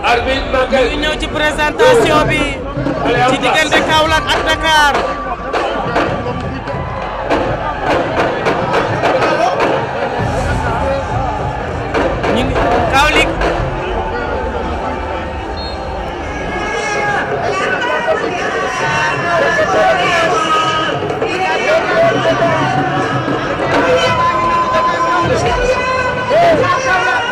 ñu ngi ñëw ci présentation bi ci diggante Kaolack ak Dakar Yeah.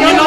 no, no, know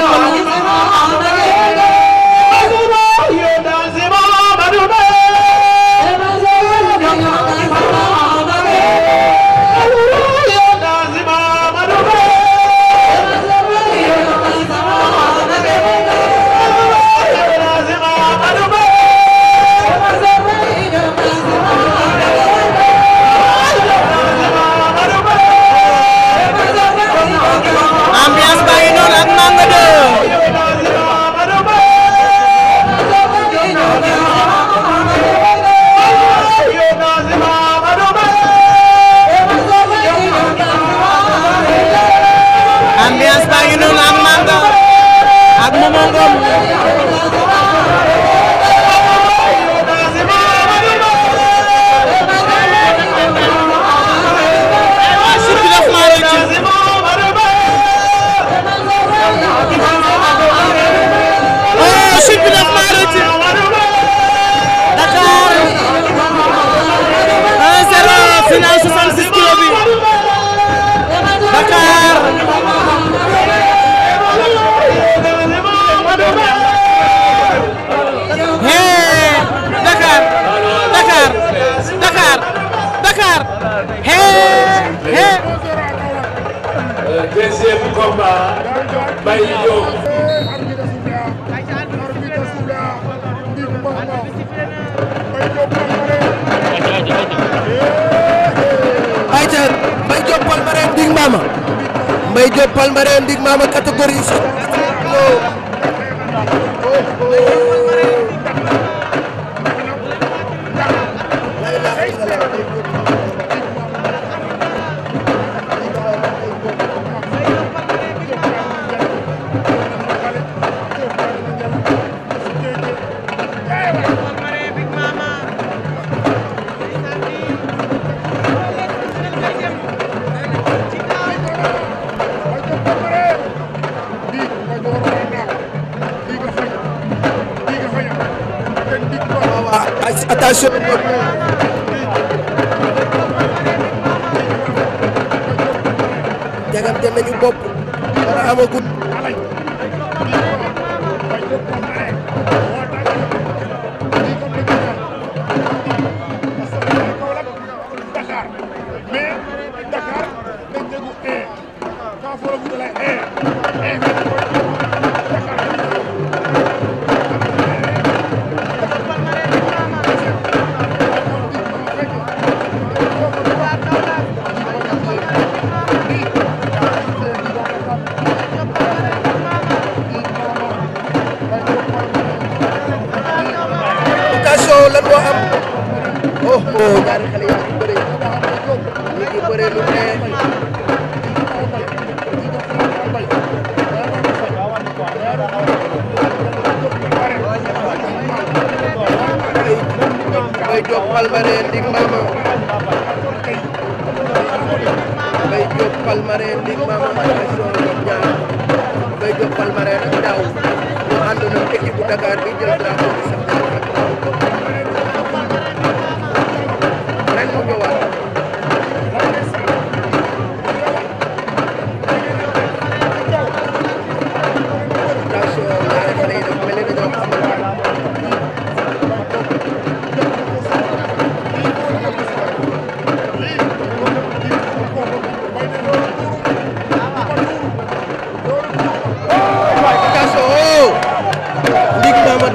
Mbaye Diop Palmarin ndig mama catégorie attention jagante nañu bopp wala amagul yow lan moo am oh oh ñaari xale yi ñu bëre ñu ngi bëre lu bay jóg palmarin ndig mama bay jóg palmarin ndig mama animation ñoom ñaar bay jóg palmarin ak daaw ñu àndoon ak équipe bu Dakar bi jël drapeau bi sax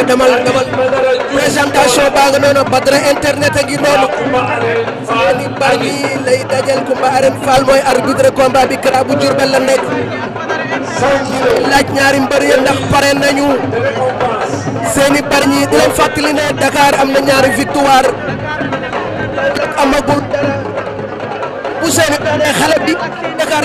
ayca demal demal présentation baa noonu Badara internet a ngi noonu seeni baa ngi lay dajal Coumba Arène Fall mooy arbitre combat bi Kara bu Diourbel la nekk laaj ñaari mbër yi ndax pare nañu seeni bar ñi di leen am na ñaari victoire amagul bu seeni xale bi Dakar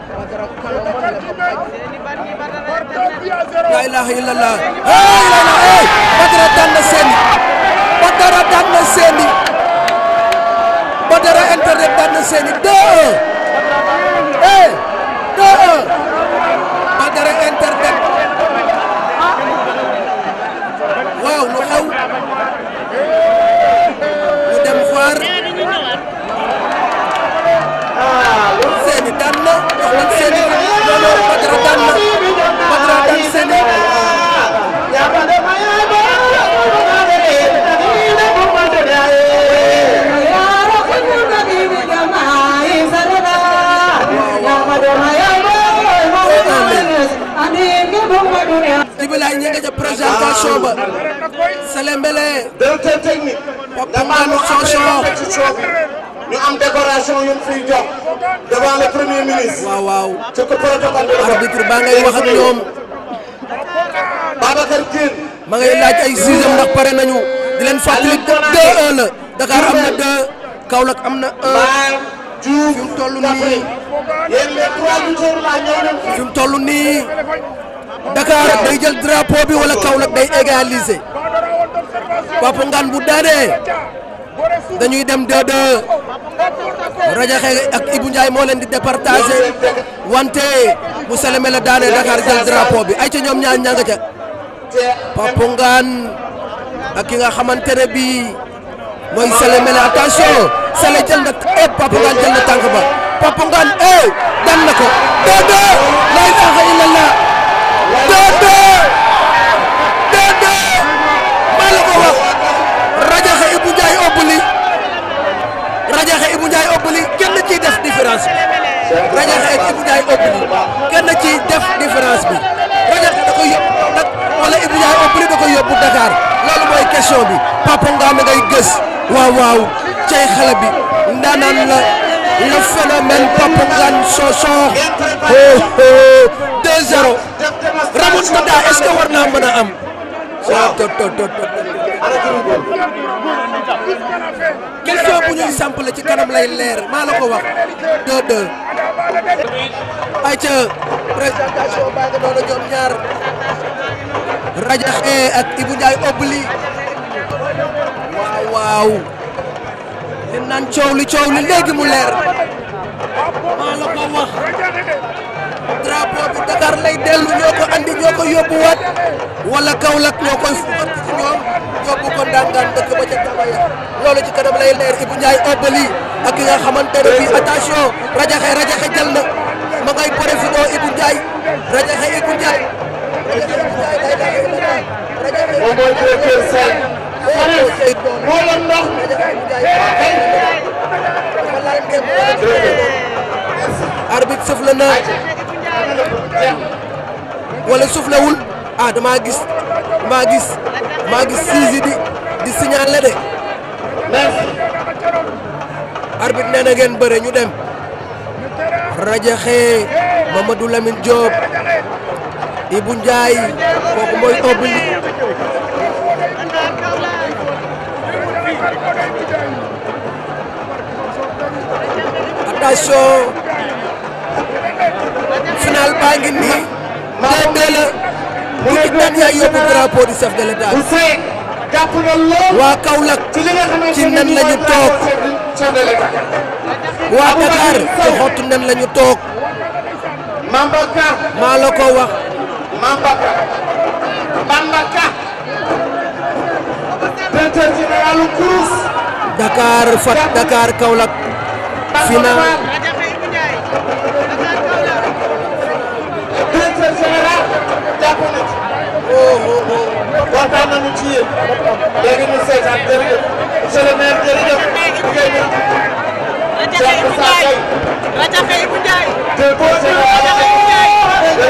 laa ilaaha illallah hey la la hey Badara daan na Seny Badara daan na internet daan na Seny 2-1 hey nga ca présentation ba Selembele directeur technique Papa Manu Sonson ñu am décoration yu fiy jox devant le premier ministre waaw waaw ci ko protocole arbitre baa ngay wax ak ñoom Babacar Diène ma ngay laaj ay sixième ndax pare nañu di leen fàttali na 2 na 1 Diouf nii. yéen les nii. Dakar day jël drapeau bi wala Kaolack day égaliser Papa bu daanee dañuy dem 2-2 Radiakhé ak Ibou moo leen di départager wante bu seleme la daanee Dakar jël drapeau bi ay ca ñoom ñaar ñanga ca ak ki nga xamante ne bii mooy seleme la attention sele jël na eh Papa jël na tànk ba Papa Ngane eh na ko 2-2 la ilaha illallah Khan, le phénomène Papa Khan Oh, oh, 2-0. Ramon Tada, est-ce que Am question bu ñuy sampale ci kanam lay leer maa la ko wax présentation baa nga obli waaw waaw lim naan coow li coow li léegi mu leer maa la ko wax drapeau bi lay dellu ñoo ko andi ñoo ko yóbbuwaat wala Kaolack ñoo koy fumat ci ñoom yóbbu ko ndàngaan dëkk ba ca Dabaya loolu ci kanam lay leer Ibou Ndiaye Obali ak ki nga xamante ne bii rajaxe rajaxe jël ma ngay profité Ibou Ndiaye rajaxe Ibou Ndiaye rajaxe Ibou Ndiaye wala ndox arbitre souffle na wala souffle wul ah dama gis dama gis dama gis sisi di di signaler de arbitre nee na ngeen bëre ñu dem rajaxe Mamadou Lamine Diop Ibou Ndiaye kooku mooy obli la. waa Kaolack ci nen la ñu toog. waa Dakar ci xottu nen la toog. maa la ko wax. Dakar Fat Dakar Kaolack. final waxtaan nañu ci yéen léegi ñu seetaan jërëjëf monsieur le maire jërëjëf liggéey bi Cheikh Moussa Gueye Radiakhé Ibou Ndiaye déposé Radiakhé Ibou Ndiaye